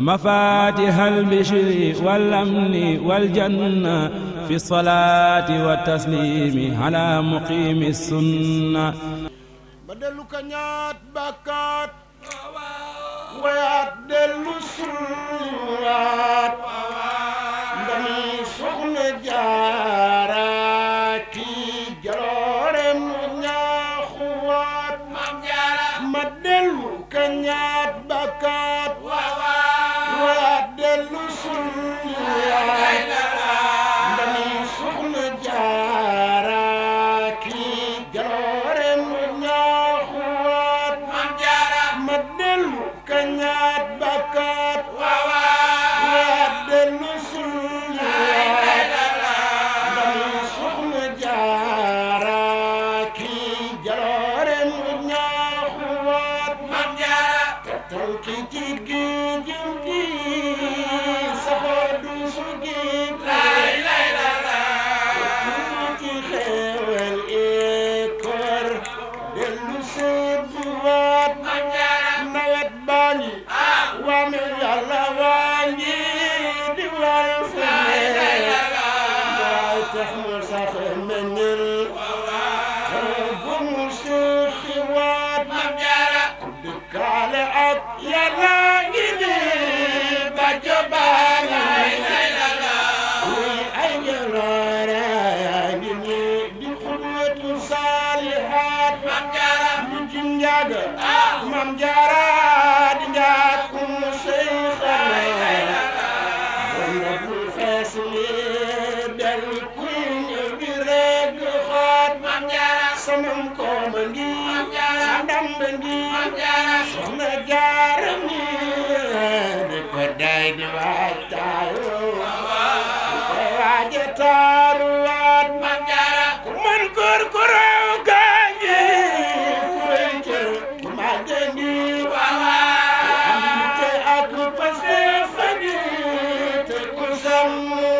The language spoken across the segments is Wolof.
mafatihal bishri wal amni wal janna fi salaati wa taslimi ala muqimi sunna ba dellu kañaat bàkkaat wayaat dellu Yàlla يا رب ni waaj taaru waaj waaj taaru waat mam jaara ku man kur ku raw gaañi ku leen cër ku ma jëndi waawaa te ak paste fani te ku sam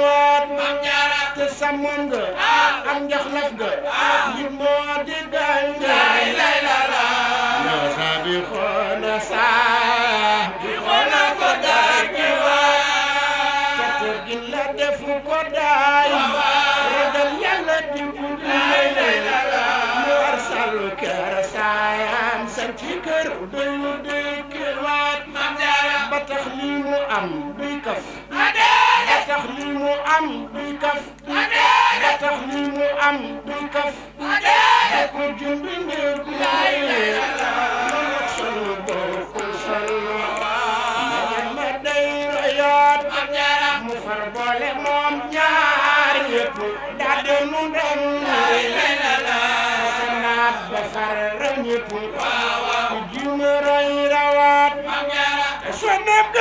waat mam jaara te samoon nga am jox laf nga yi moo di gaañ lay lay la la naa sabi xool dër day mu dëkkiwaat ma jaara ba tax lii mu am duy kaf ma jaara ba tax lii mu am duy kaf ma jaara ba tax lii mu am duy kaf ma jaara ba ko jumbi ndër ku Wow.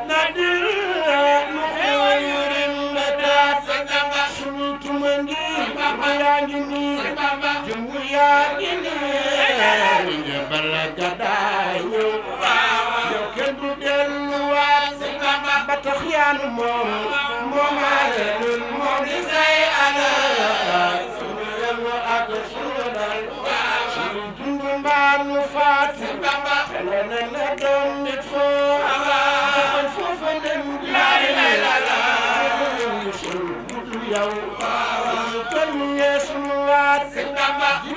Bamba, Bamba, Bamba, Bamba, Bamba, Bamba, Bamba, Bamba,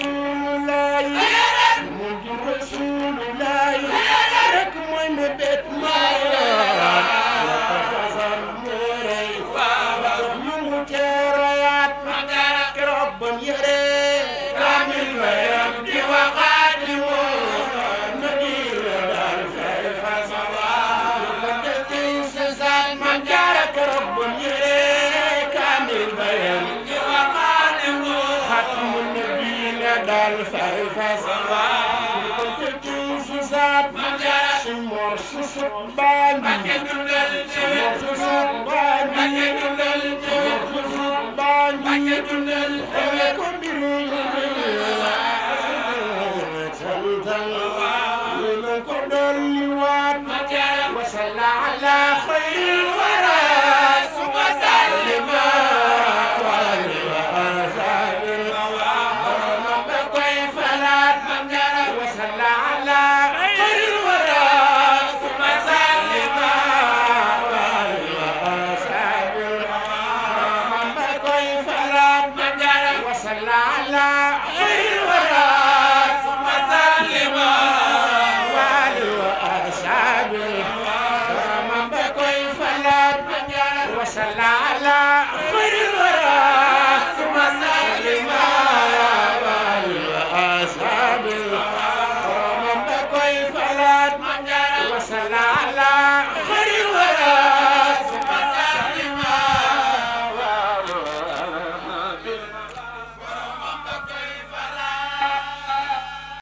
رسول الله dal fay fas ko ci su saab su mor su su baan su mor su su baan su mor su su baan ko mbiru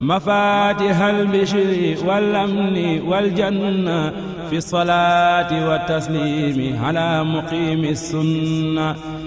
mafatihal bishri wal amni wal janna fi salaati wa taslimi ala muqimi sunna